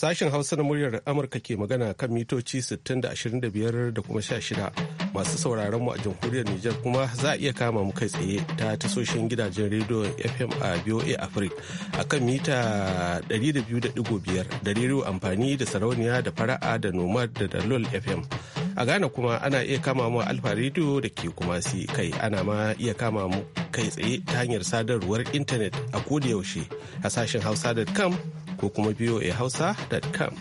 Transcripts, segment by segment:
Sashen Hausa na muryar Amurka ke magana kan mitoci 60 da kuma 16 masu sauraron mu a jamhuriyar Nijar kuma za a iya kama mu kai tsaye ta tasoshin gidajen rediyo FM a VOA Africa a kan mita 200.5 da rediyo amfani da sarauniya da fara'a da nomad da dalol FM. A Ghana kuma ana iya kama mu alfa rediyo da ke kuma si kai ana ma iya kama mu kai tsaye ta hanyar sadarwar intanet a kodayaushe a sashen hausa.com ko kuma voahausa.com.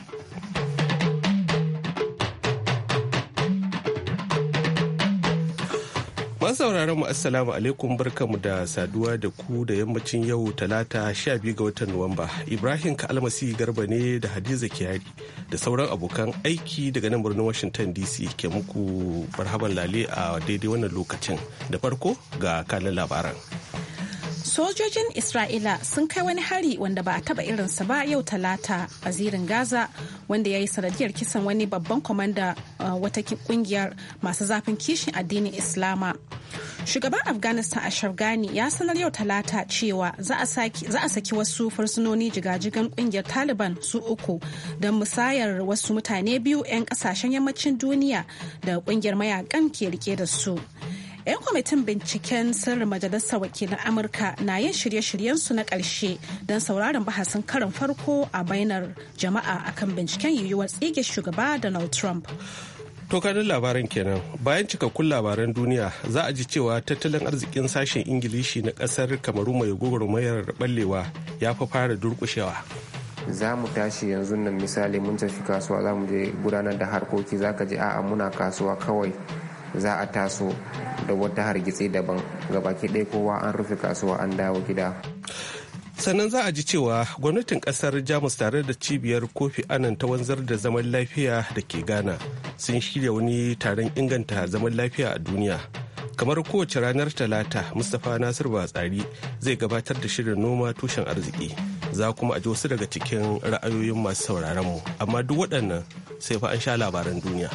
sauraron mu assalamu alaikum barkamu da saduwa da ku da yammacin yau talata 12 ga watan nuwamba ibrahim kalmasi garba ne da hadiza kiyari da sauran abokan aiki daga nan birnin washington dc ke muku barhaban lale a daidai wannan lokacin da farko ga kanin labaran sojojin isra'ila sun kai wani hari wanda ba a taba irinsa ba yau talata a zirin gaza wanda ya yi sanadiyar kisan wani babban kwamanda uh, wata kungiyar masu zafin kishin addinin islama shugaban afghanistan a ghani ya sanar yau talata cewa za a saki wasu fursunoni jigajigan kungiyar taliban su uku don musayar wasu mutane biyu 'yan kasashen yammacin duniya da kungiyar mayakan ke rike da su 'Yan kwamitin binciken sirrin Majalisar Wakilan Amurka na yin shirye shiryen su na ƙarshe don sauraron bahasin karin farko a bainar jama'a akan binciken yiwuwar tsige shugaba Donald Trump. tokanin labaran kenan bayan cikakkun labaran duniya za a ji cewa tattalin arzikin sashen ingilishi na kasar kamaru mai gwagwarmayar ballewa ya fi fara durkushewa za mu tashi yanzu nan misali mun tafi kasuwa za mu je gudanar da harkoki za ka ji a'a muna kasuwa kawai za a taso da wata hargitsi daban ga baki ɗaya kowa an rufe kasuwa an dawo gida sannan za a ji cewa gwamnatin kasar jamus tare da cibiyar kofi anan ta wanzar da zaman lafiya da ke ghana sun shirya wani taron inganta zaman lafiya a duniya kamar kowace ranar talata mustapha nasir batsari zai gabatar da shirin noma tushen arziki za kuma a ji wasu daga cikin ra'ayoyin masu sauraron mu amma duk waɗannan sai fa an sha labaran duniya.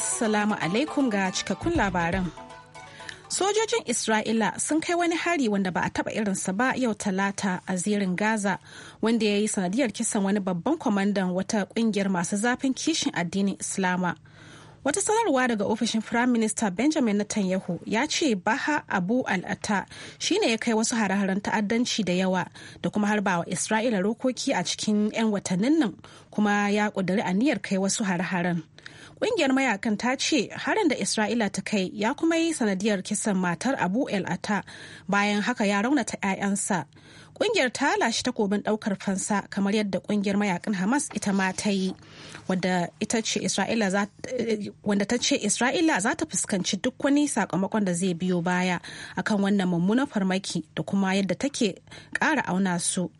Assalamu alaikum ga cikakkun labaran. Sojojin Isra'ila sun kai wani hari wanda ba a taba irinsa ba yau talata a zirin Gaza wanda ya yi sanadiyar kisan wani babban kwamandan wata kungiyar masu zafin kishin addinin Islama. Wata sanarwa daga ofishin Firayim Minista Benjamin Netanyahu ya ce Baha Abu al-Atta ne ya kai wasu hare-haren ta'addanci da yawa da kuma harbawa Isra'ila rokoki a cikin 'yan watannin nan kuma ya ƙudiri aniyar kai wasu hare-haren. Ƙungiyar mayakan ta ce harin da Isra'ila ta kai ya kuma yi sanadiyar kisan matar Abu al bayan haka ya raunata 'ya'yansa. Kungiyar ta lashe takobin daukar fansa kamar yadda kungiyar mayakan Hamas ita ma ta yi, wanda ta ce Isra'ila za ta fuskanci duk wani sakamakon da zai biyo baya akan wannan mummunan farmaki da kuma yadda take kara auna su.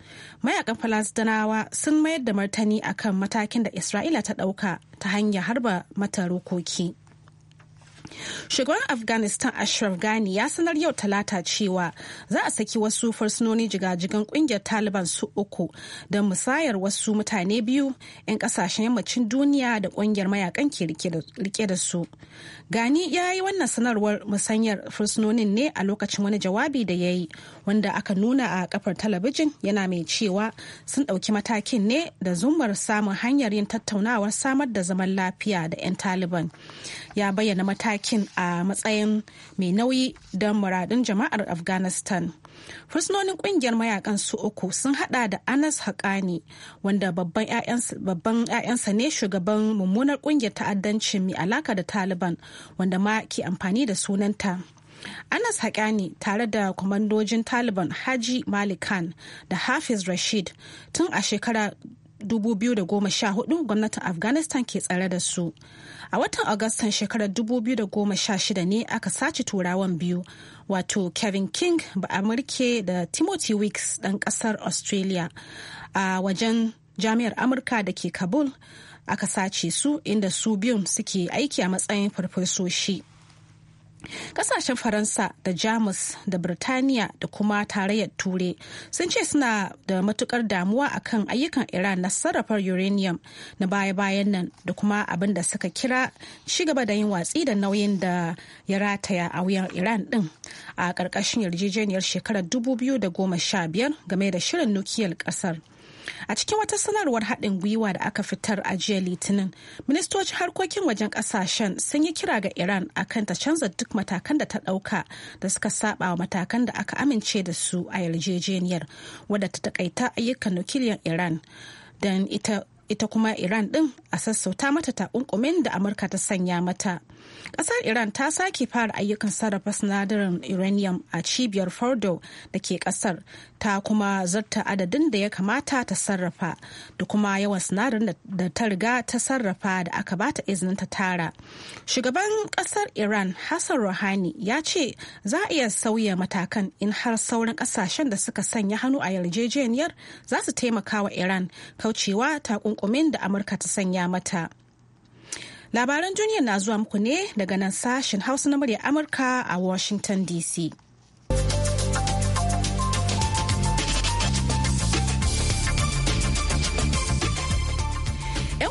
Mayakan Falastinawa sun mayar da martani akan matakin da Isra'ila ta ɗauka ta hanyar harba mata rokoki. Shugaban Afghanistan Ashraf Ghani ya sanar yau talata cewa za a saki wasu fursunoni jigajigan kungiyar Taliban su uku da musayar wasu mutane biyu 'yan kasashen yammacin duniya da kungiyar mayakan ke rike da su. Gani ya yi wannan sanarwar musanyar fursunonin ne a lokacin wani jawabi da ya yi wanda aka nuna a kafar talabijin yana mai cewa sun ɗauki matakin ne da zumar samun hanyar yin tattaunawar samar da zaman lafiya da 'yan Taliban. Ya bayyana matakin matakin a matsayin mai nauyi don muradun jama'ar afghanistan fursunonin kungiyar mayakan su uku sun hada da anas haƙani wanda babban 'ya'yansa ne shugaban mummunar kungiyar ta'addanci mai alaka da taliban wanda ma ke amfani da sunanta anas haƙani tare da kwamandojin taliban haji malik khan da hafiz rashid tun a shekara 2014 gwamnatin afghanistan ke tsare da su a watan agustan shekarar 2016 ne aka sace turawan biyu wato kevin king ba amurke da timothy weeks ɗan ƙasar australia a wajen jami'ar amurka da ke kabul aka sace su inda su biyun suke aiki a matsayin farfesoshi Kasashen Faransa da Jamus da Birtaniya da kuma tarayyar Turai sun ce suna da matukar damuwa akan ayyukan Iran na sarrafar uranium na baya-bayan nan da kuma abin da suka kira gaba da yin watsi da nauyin da ya rataya a wuyan Iran din a ƙarƙashin yarjejeniyar shekarar 2015 game da shirin nukiliyar ƙasar. A cikin wata sanarwar haɗin gwiwa da aka fitar a jiya Litinin, ministocin harkokin wajen ƙasashen sun yi kira ga Iran a kan ta canza duk matakan da ta ɗauka da suka saba wa matakan da aka amince da su a yarjejeniyar wadda ta takaita ayyukan nukiliyar Iran. Don ita, ita kuma Iran ɗin a sassauta mata takunkumin da Amurka ta sanya mata. Ƙasar Iran ta sake fara ayyukan sarrafa sinadarin uranium a cibiyar Fordo da ke ƙasar ta kuma zarta adadin da ya kamata ta sarrafa da kuma yawan sinadarin da ta riga ta sarrafa da aka bata izinin ta tara. Shugaban ƙasar Iran Hassan Rouhani ya ce za a iya sauya matakan in har sauran ƙasashen da suka sanya hannu a yarjejeniyar za su taimaka wa Iran kaucewa takunkumin da Amurka ta sanya mata. Labaran duniya na zuwa muku ne daga nan sashen Hausa na murya Amurka a Washington DC.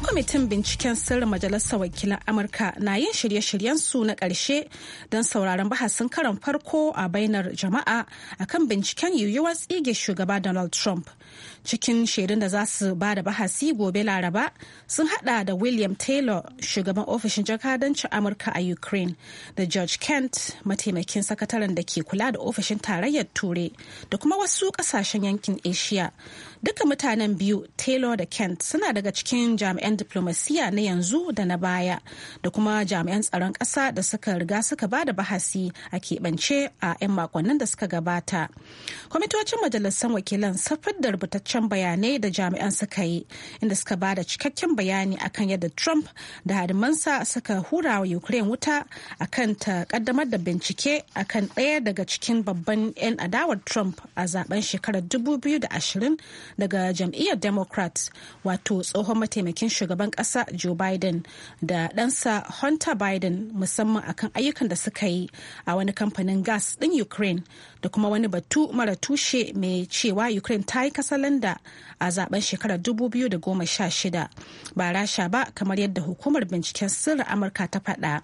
kwamitin binciken sirrin majalisar wakilan amurka na yin shirye shiryen su na ƙarshe don sauraron bahasin karan farko a bainar jama'a akan binciken yiwuwar tsige shugaba donald trump cikin shaidun da za su ba da bahasi gobe laraba sun hada da william taylor shugaban ofishin jakadancin amurka a ukraine da george kent mataimakin sakataren da ke kula da ofishin tarayyar turai da kuma wasu kasashen yankin asia duka mutanen biyu taylor da kent suna daga cikin jami'an diplomasiya na yanzu da na baya da kuma jami'an tsaron ƙasa da suka riga suka ba da bahasi a keɓance a 'yan makonnin da suka gabata kwamitocin majalisar wakilan safar da rubutaccen bayanai da jami'an suka yi inda suka ba da cikakken bayani akan yadda trump da hadimansa suka hura wa ukraine wuta akan ta kaddamar da bincike akan ɗaya daga cikin babban 'yan adawar trump a zaben shekarar 2020 daga jam'iyyar democrat wato tsohon mataimakin shugaban ƙasa joe biden da ɗansa hunter biden musamman akan ayyukan da suka yi a wani kamfanin gas ɗin ukraine da kuma wani batu mara tushe mai cewa ukraine ta yi kasalanda a zaben shekarar 2016 ba rasha ba kamar yadda hukumar binciken sirri amurka ta faɗa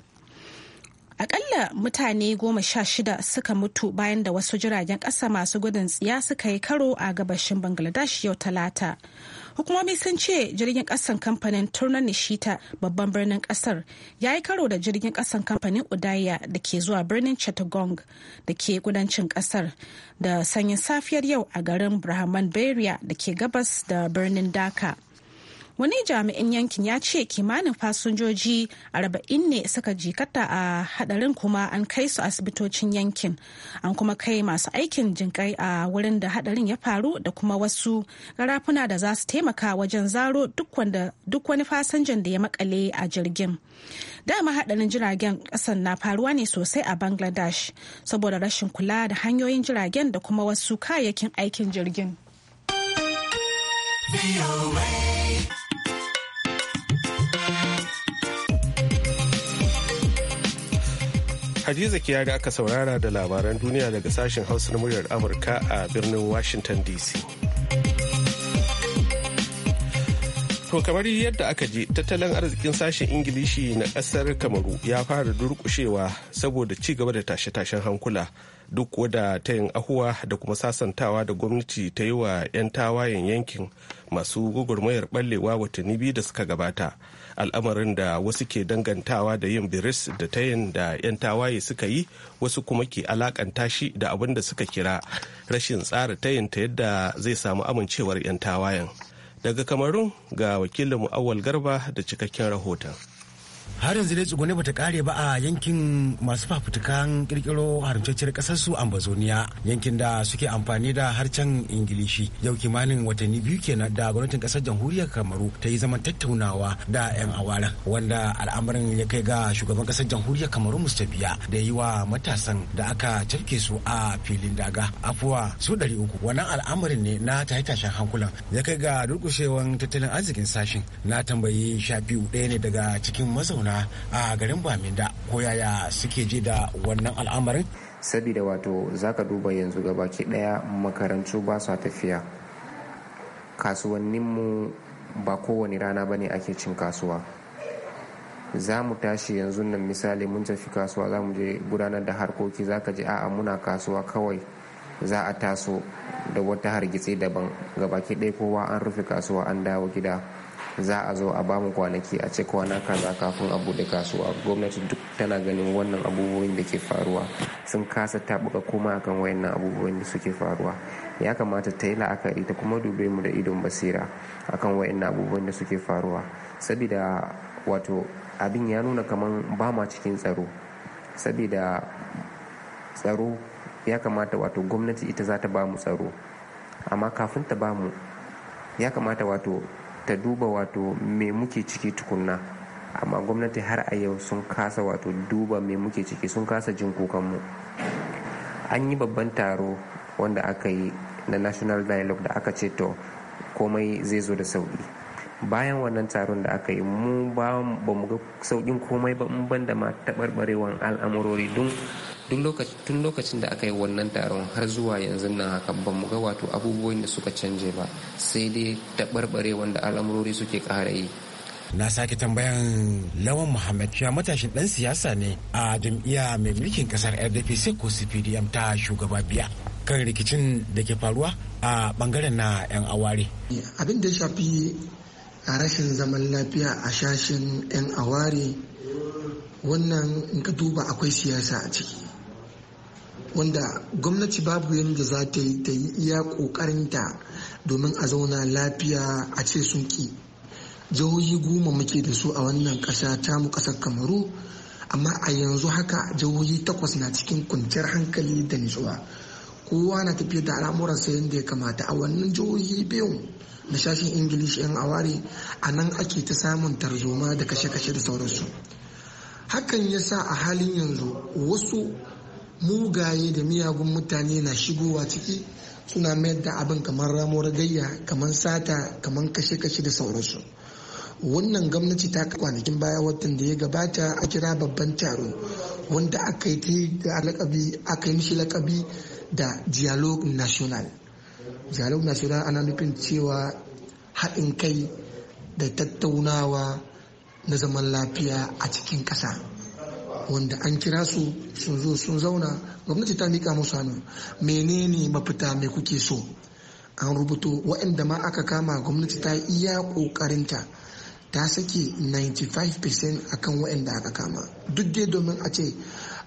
akalla mutane goma sha shida suka mutu bayan da wasu jiragen ƙasa masu gudun tsiya suka yi karo a gabashin bangladesh yau talata hukumomi sun ce jirgin kasan kamfanin turnar nishita babban birnin kasar ya yi karo da jirgin kasan kamfanin udaya da ke zuwa birnin chattagong da ke kudancin kasar da sanyin safiyar yau a garin brahman beria da ke gabas da birnin dhaka wani jami'in yankin ya ce kimanin fasinjoji arba'in ne suka jikata a hadarin kuma an kai su asibitocin yankin an kuma kai masu aikin jinkai a wurin da hadarin ya faru da kuma wasu garafuna da za su taimaka wajen zaro duk wani fasinjan da ya makale a jirgin dama hadarin jiragen kasan na faruwa ne sosai a bangladesh saboda rashin kula da hanyoyin jiragen da kuma wasu kayayyakin aikin jirgin. Hadiza ga aka saurara da labaran duniya daga sashen Hausa na muryar Amurka a birnin Washington DC. To kamar yadda aka je tattalin arzikin sashen Ingilishi na ƙasar Kamaru ya fara durƙushewa saboda cigaba da tashe-tashen hankula duk wadda ta yin ahuwa da kuma sasantawa da gwamnati ta yi wa 'yan tawayen yankin masu gugurmayar ɓallewa watanni biyu da suka gabata. al'amarin da wasu ke dangantawa da yin biris da tayin da 'yan tawaye suka yi wasu kuma ke alakanta shi da abin da suka kira rashin tsara tayin ta yadda zai samu amincewar 'yan tawayen daga kamarun ga wakilin awal garba da cikakken rahoton har yanzu dai tsugune bata kare ba a yankin masu fafutukan kirkiro haramtacciyar kasar su ambazoniya yankin da suke amfani da harshen ingilishi yau kimanin watanni biyu kenan da gwamnatin kasar jamhuriyar kamaru ta yi zaman tattaunawa da yan awara wanda al'amarin ya kai ga shugaban kasar jamhuriyar kamaru mustabiya da yi wa matasan da aka cafke su a filin daga afuwa su ɗari uku wannan al'amarin ne na ta tashen hankulan ya kai ga durkushewan tattalin arzikin sashen na tambayi shafi'u ɗaya ne daga cikin mazauna a garin Baminda ko yaya suke ji da wannan al'amarin? Sabida wato zaka duba yanzu gabaki daya makarantu ba sa tafiya. Kasuwanninmu ba kowane rana ba ne ake cin kasuwa. za mu tashi yanzu nan misali mun tafi kasuwa za mu je gudanar da harkoki za ka ji a'a muna kasuwa kawai za a taso da wata hargitse daban gabaki ɗaya kowa an rufe kasuwa an dawo gida za a zo a bamu kwanaki a ce kwana kaza kafin a bude kasuwa gwamnati duk tana ganin wannan abubuwan da ke faruwa sun kasa tabuka kuma akan wayannan abubuwan da suke faruwa ya kamata ta yi la'akari ta kuma dube mu da idon basira akan wayannan abubuwan da suke faruwa saboda wato abin ya nuna kamar ba ma cikin tsaro saboda tsaro ya kamata wato gwamnati ita za ta ba mu tsaro amma kafin ta ba mu ya kamata wato ta duba wato me muke ciki tukunna amma gwamnati har a yau sun kasa wato duba me muke ciki sun kasa jin kukanmu an yi babban taro wanda aka yi na national dialogue da aka ce to komai zai zo da sauƙi bayan wannan taron da aka yi mu ba mu ga sauƙin komai ba in banda ma taɓarɓarewan al'amurori don tun lokacin da aka yi wannan taron har zuwa yanzu nan haka ba mu ga wato abubuwan da suka canje ba sai dai taɓarɓare wanda al'amurori suke ƙara yi na sake tambayan lawan muhammad cewa matashin dan siyasa ne a jam'iyya mai mulkin kasar rdpc ko cpdm ta shugaba biya kan rikicin da ke faruwa a bangaren na 'yan aware abin da ya shafi a rashin zaman lafiya a shashin 'yan aware wannan in ka duba akwai siyasa a ciki wanda gwamnati babu yadda za ta yi ta yi iya kokarinta domin a zauna lafiya a ce sun ki jihohi goma muke da su a wannan ƙasa mu kasar kamaru amma a yanzu haka jihohi takwas na cikin kwanciyar hankali da nutsuwa kowa na tafiya da al'amuransa yadda ya kamata a wannan jihohi biyu da shashin ingilishi yan aware a nan ake ta samun tarzoma da kashe-kashe da sauransu hakan ya sa a halin yanzu wasu mugaye da miyagun mutane na shigowa ciki suna mayar da abin kamar ramuwar gayya kamar sata kamar kashe-kashe da sauransu wannan gwamnati ta kwanakin baya watan da ya gabata a kira babban taro wanda aka yi aka yi lakabi da dialogue national dialogue national ana nufin cewa haɗin kai da tattaunawa na zaman lafiya a cikin ƙasa wanda an kira su sun zo sun zauna gwamnati ta mika musu hannu menene mafita mai kuke so an rubuto waɗanda ma aka kama gwamnati ta iya ƙoƙarinta ta sake 95% akan waɗanda aka kama duk dai domin a ce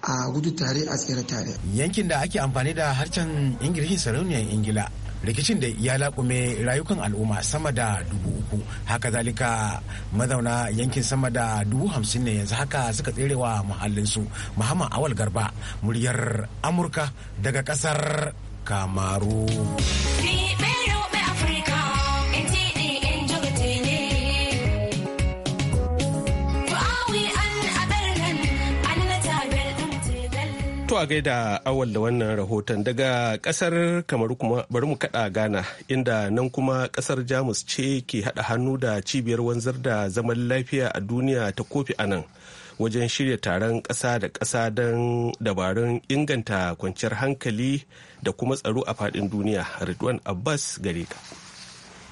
a gudu tare a tsere tare yankin da ake amfani da harshen ingilishi sarauniyar ingila rikicin da ya laƙume rayukan al'umma sama da dubu uku haka zalika mazauna yankin sama da dubu hamsin ne yanzu haka suka tserewa muhallinsu muhammad awal garba muryar amurka daga ƙasar kamaru a gaida awal da wannan rahoton daga kasar kamar kuma bari mu kada gana inda nan kuma kasar Jamus ce ke hada hannu da cibiyar wanzar da zaman lafiya a duniya ta kofi a nan wajen shirya taron ƙasa da ƙasa don dabarun inganta kwanciyar hankali da kuma tsaro a faɗin duniya. Ridwan Abbas gare ka.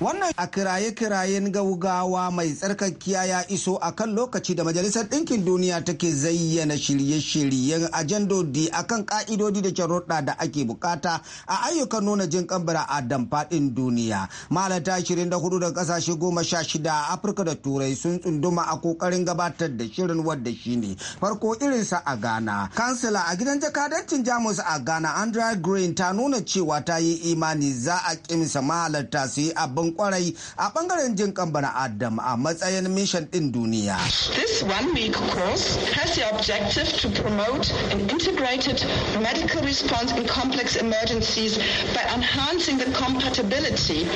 wannan a kiraye-kirayen gaugawa mai tsarkakiya ya iso a kan lokaci da majalisar ɗinkin duniya take zayyana shirye-shiryen ajandodi a kan ƙa'idodi da sharuɗa da ake bukata a ayyukan nuna jin kambara a damfaɗin duniya malata 24 da ƙasashe 16 a afirka da turai sun tsunduma a ƙoƙarin gabatar da shirin wadda shine farko irinsa a ghana kansila a gidan jakadancin jamus a ghana andrea green ta nuna cewa ta yi imani za a kimsa mahalarta su yi abin laifin kwarai a bangaren jin kan bana adam a matsayin mission din duniya. This one week course has the objective to promote an integrated medical response in complex emergencies by enhancing the compatibility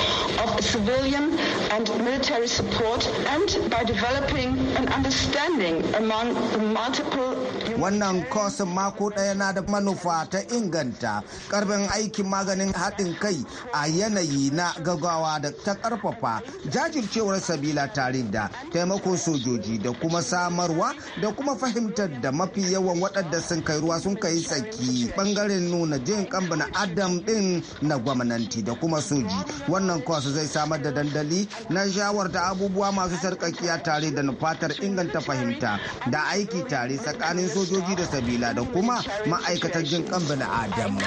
of civilian and military support and by developing an understanding among the multiple Wannan kosin mako ɗaya na da manufa ta inganta karfin aikin maganin haɗin kai a yanayi na gaggawa da ta karfafa jajircewar sabila tare da taimakon sojoji da kuma samarwa da kuma fahimtar da mafi yawan waɗanda sun kai ruwa sun kai saki bangaren nuna jin kamba na adam din na gwamnati da kuma soji wannan kwasu zai samar da dandali na shawar da abubuwa masu sarkakiya tare da nufatar inganta fahimta da aiki tare tsakanin sojoji da sabila da kuma ma'aikatar jin kamba na adam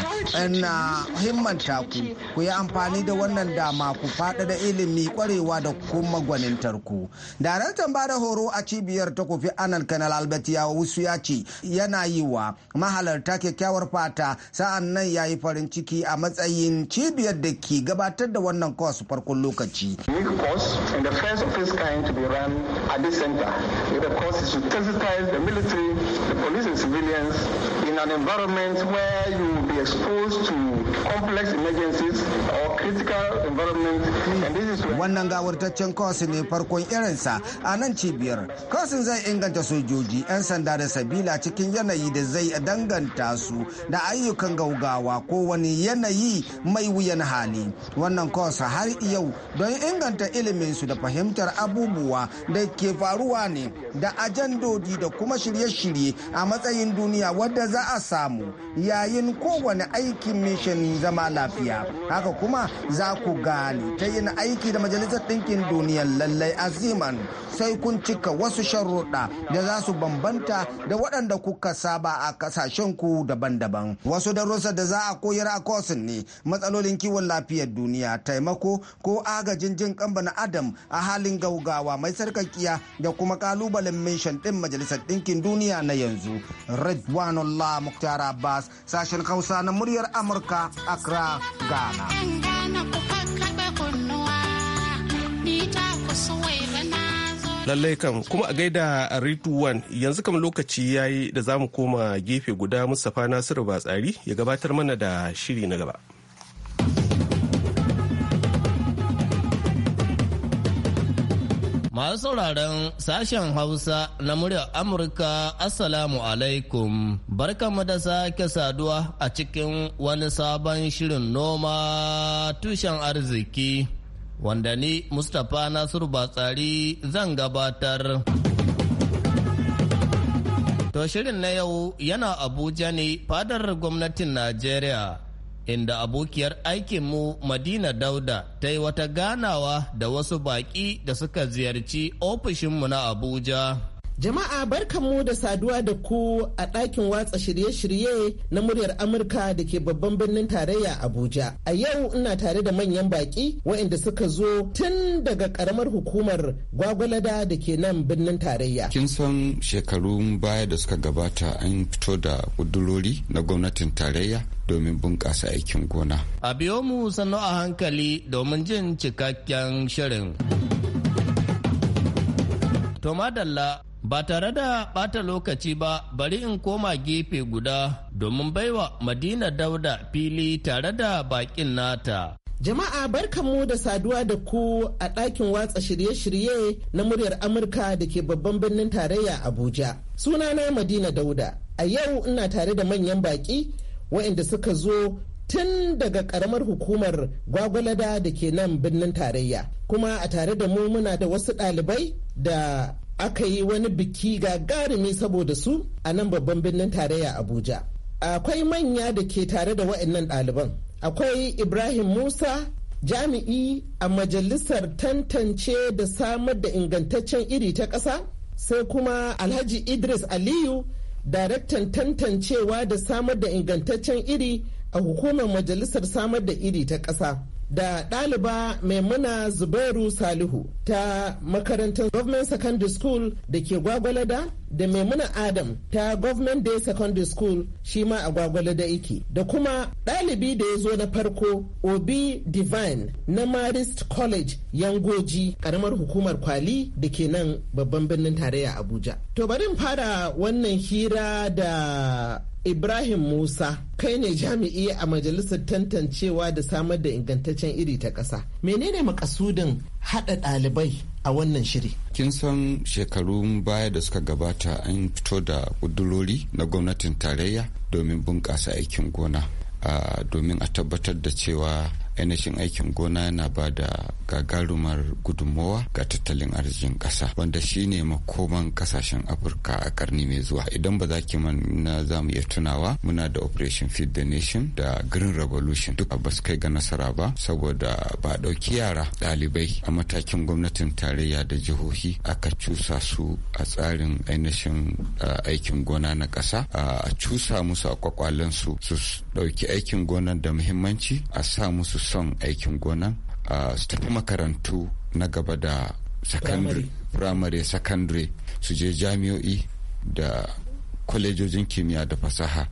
ina himmanta ku ku yi amfani da wannan dama ku faɗa da ilimi kwarewa da kuma gwanintar ku daraktan ba da horo a cibiyar ta kofi anan kanal albert wusu ya ce yana yi wa mahalarta kyakkyawar fata sa'an nan ya yi farin ciki a matsayin cibiyar da ke gabatar da wannan kwas farkon lokaci in an environment where you will be exposed to complex emergencies or critical environment and this is wannan gawartaccen kosin ne farkon irinsa a nan cibiyar kosin zai inganta sojoji 'yan sanda da sabila cikin yanayi da zai danganta su da ayyukan gaugawa ko wani yanayi mai wuyan hali wannan kosa har yau don inganta su da fahimtar abubuwa da ke faruwa ne da ajandodi da kuma shirye-shirye a matsayin duniya wadda za a samu yayin kowane aikin mission ilimin zama lafiya haka kuma za ku gane ta yin aiki da majalisar ɗinkin duniya lallai aziman sai kun cika wasu sharuɗa da za su bambanta da waɗanda kuka saba a ku daban-daban wasu darussa da za a koyar a kosin ne matsalolin kiwon lafiyar duniya taimako ko agajin jin kan na adam a halin gaugawa mai sarkakiya da kuma kalubalen menshan ɗin majalisar ɗinkin duniya na yanzu redwanullah muktar abbas sashen hausa na muryar amurka Abuja, Accra, Ghana. Lallai kam kuma a gaida Rituwan yanzu kam lokaci ya yi da za mu koma gefe guda Mustapha Nasiru Batsari ya gabatar mana da shiri na gaba. Masu sauraron sashen Hausa na muryar Amurka Assalamu alaikum. Barkanmu da sake saduwa a cikin wani sabon shirin noma tushen arziki wanda ni Mustapha Nasiru Batsari zan gabatar. To shirin na yau yana Abuja ne fadar gwamnatin Najeriya inda abokiyar aikinmu Madina Dauda ta yi wata ganawa da wasu baƙi da suka ziyarci ofishinmu na Abuja. Jama'a barkanmu da saduwa da ku a ɗakin watsa shirye-shirye na muryar Amurka da ke babban birnin tarayya Abuja. A yau ina tare da manyan baƙi waɗanda suka zo tun daga ƙaramar hukumar Gwagwalada da ke nan birnin tarayya. Kin san shekarun baya da suka gabata an fito da ƙudurori na gwamnatin tarayya domin bunƙasa aikin gona. A biyo mu sannu a hankali domin jin cikakken shirin. Ba tare da ɓata lokaci ba bari in koma gefe guda domin baiwa Madina Dauda fili tare da bakin nata. Jama'a barkanmu da saduwa da ku a ɗakin watsa shirye-shirye na muryar Amurka da ke babban birnin tarayya Abuja. Sunana Madina Dauda. A yau ina tare da manyan baƙi waɗanda suka zo tun daga ƙaramar hukumar gwagwalada da ke nan birnin tarayya kuma a tare da mu muna da wasu ɗalibai da aka yi wani biki ga gagarumi saboda su a nan babban birnin tarayya abuja akwai manya da ke tare da wa'annan ɗaliban akwai ibrahim musa jami'i a majalisar tantance da samar da ingantaccen iri ta ƙasa sai kuma alhaji idris aliyu daraktan tantancewa da samar da ingantaccen iri a hukumar majalisar samar da iri ta ƙasa da ɗaliba maimuna zubairu salihu ta makarantar government secondary school da ke gwagwalada da maimuna adam ta government day secondary school shi ma a gwagwale da iki da kuma ɗalibi da ya zo na farko obi divine na marist college yangoji karamar hukumar kwali da ke nan babban birnin tarayya abuja to bari fara wannan hira da Ibrahim Musa kai ne jami'i a majalisar tantancewa da samar da ingantaccen iri ta ƙasa. Menene makasudin haɗa ɗalibai a wannan shiri. Kin san shekarun baya da suka gabata an fito da kudurori na gwamnatin tarayya domin bunƙasa aikin gona domin a tabbatar da cewa Ainashin aikin gona yana ba da gagarumar gudunmowa ga tattalin arzikin ƙasa wanda shi ne makoman ƙasashen afirka a karni mai zuwa idan ba za ki na za mu iya tunawa muna da operation feed the nation da green revolution duk ba su kai ga nasara ba saboda ba ɗauki yara ɗalibai a matakin gwamnatin tarayya da jihohi aka cusa su a tsarin ainihin aikin gona na ƙasa a cusa musu a kwakwalensu su ɗauki aikin gona da muhimmanci a sa musu son aikin gona su tafi makarantu na gaba da firamare secondary su je jami'o'i da kwalejojin kimiyya da fasaha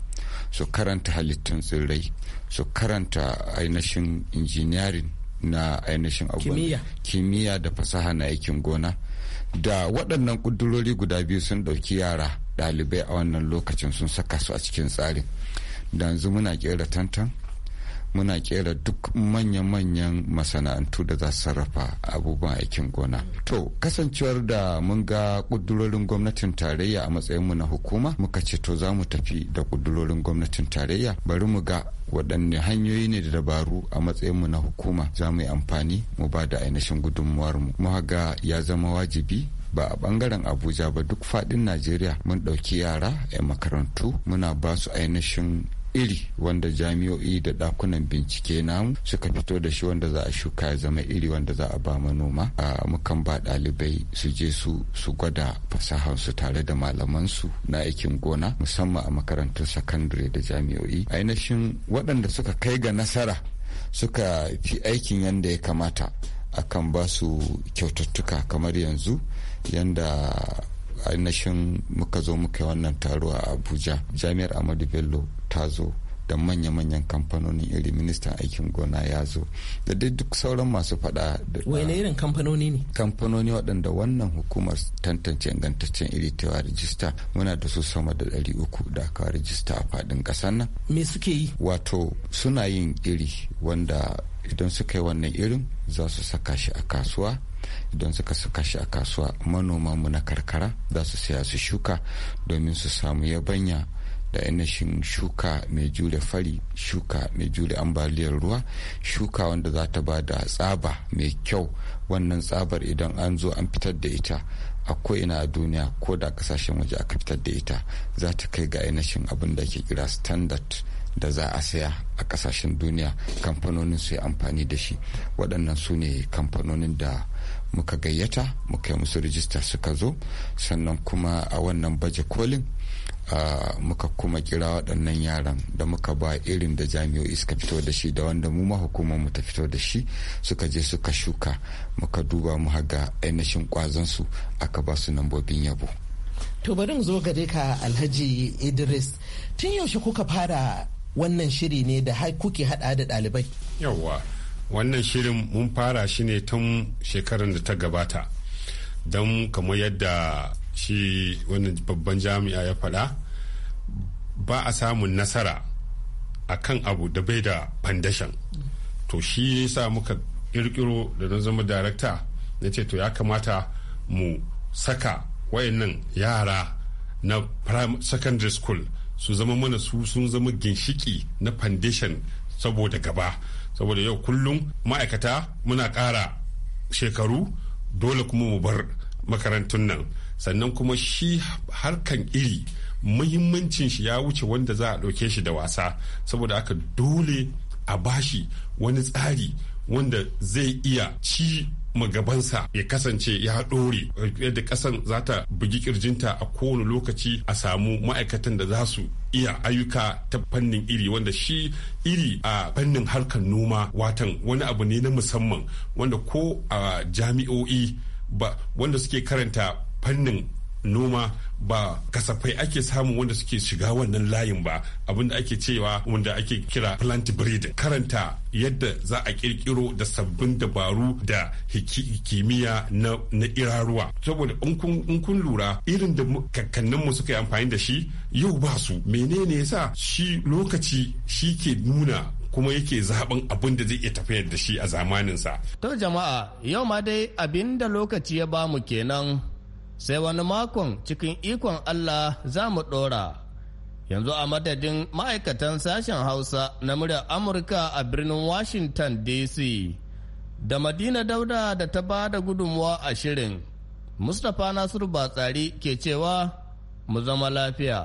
su karanta halittun tsirrai su karanta ainihin injiniyarin na ainihin abubuwan kimiyya da fasaha na aikin gona da waɗannan ƙudurori guda biyu sun ɗauki yara ɗalibai a wannan lokacin sun saka su a cikin tsarin da yanzu muna kera tantan muna kera duk manya-manyan masana'antu da za su sarrafa abubuwan aikin gona to kasancewar da mun ga ƙudurorin gwamnatin tarayya a matsayin mu na hukuma muka ce to za mu tafi da ƙudurorin gwamnatin tarayya bari mu ga waɗanne hanyoyi ne da dabaru a matsayin mu na hukuma za mu yi amfani mu ba da ainihin gudunmuwarmu mu haga ya zama wajibi ba a bangaren abuja ba duk faɗin najeriya mun ɗauki yara 'yan makarantu muna ba su ainihin iri wanda jami'o'i da dakunan bincike namu suka fito da shi wanda za a shuka ya zama iri wanda za a ba manoma a mukan ba ɗalibai su je su su gwada fasahansu tare da malamansu na aikin gona musamman a makarantar sakandare da jami'o'i ainihin waɗanda suka kai ga nasara suka fi aikin yadda ya kamata akan ba su kyaututtuka kamar yanzu yanda ainihin muka zo muka wannan taro a abuja jami'ar amadu bello ta zo da manya-manyan kamfanonin iri ministan aikin gona ya zo da dai duk sauran masu fada da wani irin kamfanoni ne kamfanoni waɗanda wannan hukumar tantance ingantaccen iri ta wa rijista muna da su sama da ɗari uku da aka rijista a faɗin ƙasar nan me suke yi wato suna yin iri wanda idan suka yi wannan irin za su saka shi a kasuwa idan suka saka shi a kasuwa mu na karkara za su saya su shuka domin su samu yabanya da shi shuka mai jure fari shuka mai jure ambaliyar ruwa shuka wanda za ta ba da tsaba mai kyau wannan tsabar idan an zo an fitar da ita a ko'ina a duniya ko da kasashen waje aka fitar da ita za ta kai ga ainihin abin da ke kira standard da za a saya a kasashen duniya kamfanonin su yi amfani da shi waɗannan su ne kamfanonin da muka gayyata muka yi musu rijista suka zo sannan kuma a wannan baje kolin muka kuma kira waɗannan yaran da muka ba irin da jami'o'i suka fito da shi da wanda mu hukumar mu ta fito da shi suka je suka shuka muka duba mu haga ainihin su aka ba su nambobin yabo to bari mu zo gare ka alhaji idris tun yaushe kuka fara wannan shiri ne da kuke hada da ɗalibai yawwa wannan shirin mun fara shi ne tun shekarar da ta gabata don kamar yadda shi wannan babban jami'a ya faɗa ba a samun nasara a kan abu da bai da fandashan to shi sa muka kirkiro da don zama darakta na ce to ya kamata mu saka wayannan yara na secondary school su zama mana su sun zama ginshiki na foundation saboda gaba saboda yau kullum ma'aikata muna ƙara shekaru dole kuma mu bar makarantun nan sannan kuma shi harkan iri muhimmancin shi ya wuce wanda za a ɗauke shi da wasa saboda aka dole a bashi wani tsari wanda zai iya ci magabansa ya kasance ya ɗore yadda ƙasan za ta bugi ƙirjinta a kowane lokaci a samu ma'aikatan da za su iya ayyuka ta fannin iri wanda shi iri a fannin harkar noma watan wani abu ne na musamman wanda ko a jami'o'i ba wanda suke karanta fannin noma ba kasafai ake samun wanda suke shiga wannan layin ba abinda ake cewa wanda ake kira plant breeding karanta yadda za a kirkiro da sabbin dabaru da kimiyya na, iraruwa saboda in kun lura irin da kakanninmu suka yi amfani da shi yau ba su menene yasa shi lokaci shi ke nuna kuma yake zaben abin da zai iya tafiyar da shi a zamaninsa. To jama'a yau ma dai abin da lokaci ya bamu kenan sai wani makon cikin ikon Allah za mu ɗora. Yanzu a madadin ma'aikatan sashen Hausa na muryar Amurka a birnin Washington DC da Madina Dauda da ta ba da gudunmuwa a shirin. Mustapha Nasiru Batsari ke cewa mu zama lafiya.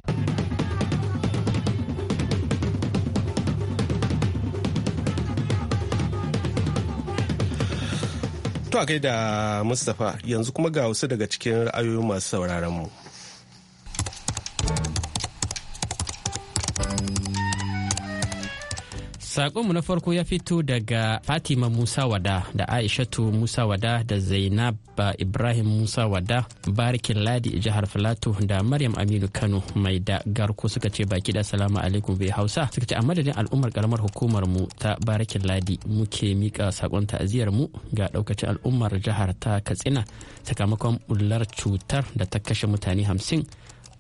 To a da Mustapha yanzu kuma ga wasu daga cikin ra'ayoyin masu sauraron mu. Sakonmu na farko ya fito daga Fatima Musa Wada da Aishatu Musa Wada da Zainab eh, Ibrahim Musa Wada Barikin Ladi jihar Filato da Maryam Aminu Kano mai da garko suka ce baki da salamu alaikum bai Hausa suka ce a madadin al'ummar karamar hukumar mu ta Barikin Ladi muke mika sakon ta'aziyar mu ga ɗaukacin al'ummar jihar ta Katsina sakamakon bullar cutar da ta kashe mutane hamsin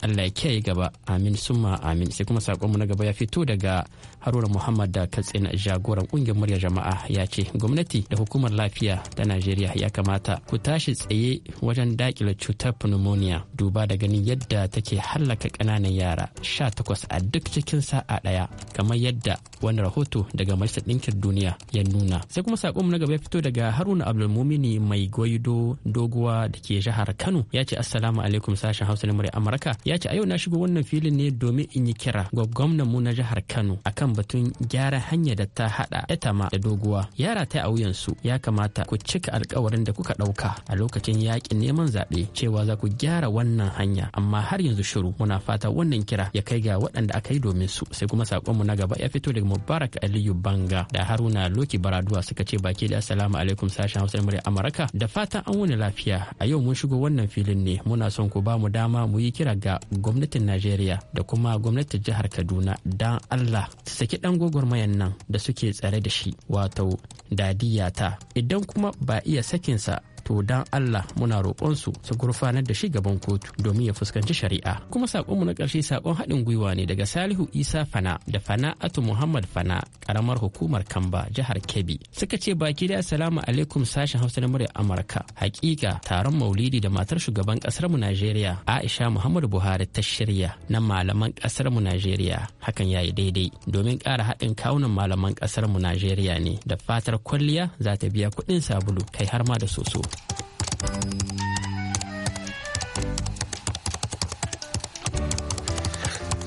allah ya kiyaye gaba amin summa amin sai kuma mu na gaba ya fito daga haruna muhammad da katsina jagoran kungiyar murya jama'a ya ce gwamnati da hukumar lafiya ta najeriya ya kamata ku tashi tsaye wajen dakile cutar pneumonia duba da ganin yadda take hallaka kananan yara sha takwas a duk cikin sa'a ɗaya kamar yadda wani rahoto daga majalisar ɗinkin duniya ya nuna sai kuma mu na gaba ya fito daga haruna abdulmumini mai goido doguwa da ke jihar kano ya ce assalamu alaikum sashen hausa na murya amurka ya ce a yau na shigo wannan filin ne domin in yi kira ga gwamnan mu na jihar Kano akan batun gyara hanya da ta hada etama da doguwa yara ta a wuyansu ya kamata ku cika alkawarin da kuka dauka a lokacin yakin neman zaɓe cewa za ku gyara wannan hanya amma har yanzu shiru muna fata wannan kira ya kai ga waɗanda aka yi domin su sai kuma sakonmu na gaba ya fito daga Mubarak Aliyu Banga da Haruna Loki Baraduwa suka ce baki da assalamu alaikum sashen Hausa murya Amurka da fatan an wuni lafiya a yau mun shigo wannan filin ne muna son ku ba mu dama mu yi kira ga gwamnatin najeriya da kuma gwamnatin jihar kaduna don allah su saki dan gwagwarmayan nan da suke tsare da shi wato dadiyata idan kuma ba iya sakinsa to dan Allah muna roƙonsu su su gurfanar da shi gaban kotu domin ya fuskanci shari'a kuma saƙonmu na ƙarshe saƙon haɗin gwiwa ne daga Salihu Isa Fana da Fana Fana'atu Muhammad Fana ƙaramar hukumar Kamba jihar Kebbi suka ce baki da assalamu alaikum sashen Hausa na muryar Amurka hakika taron maulidi da matar shugaban ƙasar mu Najeriya Aisha Muhammadu Buhari ta shirya na malaman ƙasar mu Najeriya hakan yayi daidai domin ƙara haɗin kawunan malaman ƙasar mu Najeriya ne da fatar kwalliya za ta biya kuɗin sabulu kai har ma da soso.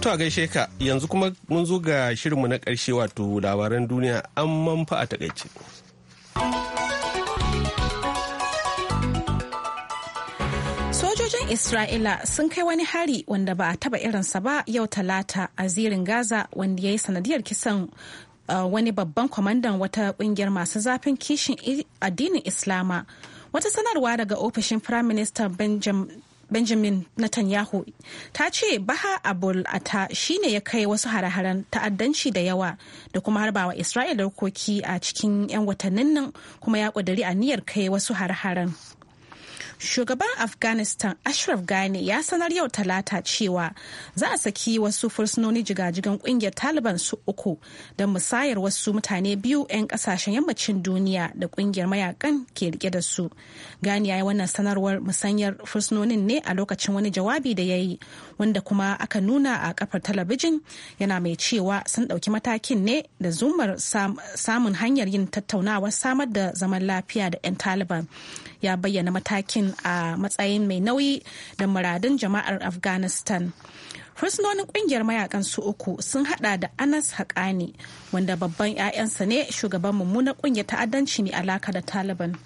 To a gaishe ka yanzu kuma mun zo ga shirinmu na ƙarshe wato labaran duniya an manfa a takaice. Sojojin Isra'ila sun kai wani hari wanda ba a taba irinsa ba yau talata a zirin Gaza wanda ya yi sanadiyar kisan uh, wani babban kwamandan wata kungiyar masu zafin kishin addinin Islama. wata sanarwa daga ofishin prime minister benjamin Netanyahu ta ce Baha Abul Ata shi ne ya kai wasu hare-haren ta'addanci da yawa da kuma harbawa Isra'ila koki a cikin 'yan watannin nan kuma ya ƙudiri aniyar kai wasu hare-haren. Shugaban Afghanistan Ashraf Ghani ya sanar yau talata cewa za a saki wasu fursunoni jigajigan kungiyar Taliban su uku da musayar wasu mutane biyu 'yan kasashen yammacin duniya da kungiyar mayakan ke rike da su. Ghani ya yi wannan sanarwar musanyar fursunonin ne a lokacin wani jawabi da ya yi wanda kuma aka nuna a kafar talabijin yana mai cewa sun dauki matakin ne da zumar samun hanyar yin tattaunawar samar da zaman lafiya da 'yan Taliban. ya bayyana matakin a matsayin mai nauyi da muradun jama'ar afghanistan fursunonin kungiyar mayakan su uku sun hada da anas haƙani wanda babban 'ya'yansa ne shugaban mummunar kungiyar ta'addanci mai alaka da taliban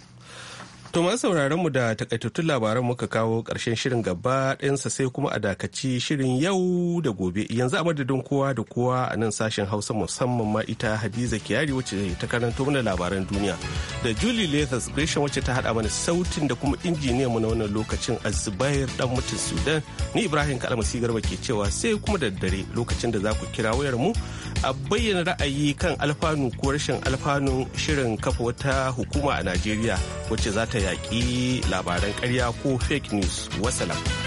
To masu sauraron mu da takaitattun labaran muka kawo ƙarshen shirin gaba ɗayansa sai kuma a dakaci shirin yau da gobe yanzu a madadin kowa da kowa a nan sashen Hausa musamman ma ita Hadiza Kiyari wacce ta karanto mana labaran duniya da Julie Lathas Gresham wacce ta haɗa mana sautin da kuma injiniyan mu na wannan lokacin Azubair dan mutum Sudan ni Ibrahim Kalamasi Garba ke cewa sai kuma da dare lokacin da za ku kira wayar mu a bayyana ra'ayi kan alfanu ko rashin alfanun shirin kafa wata hukuma a Najeriya wacce za ta yaƙi labaran ƙarya ko fake news wasalam.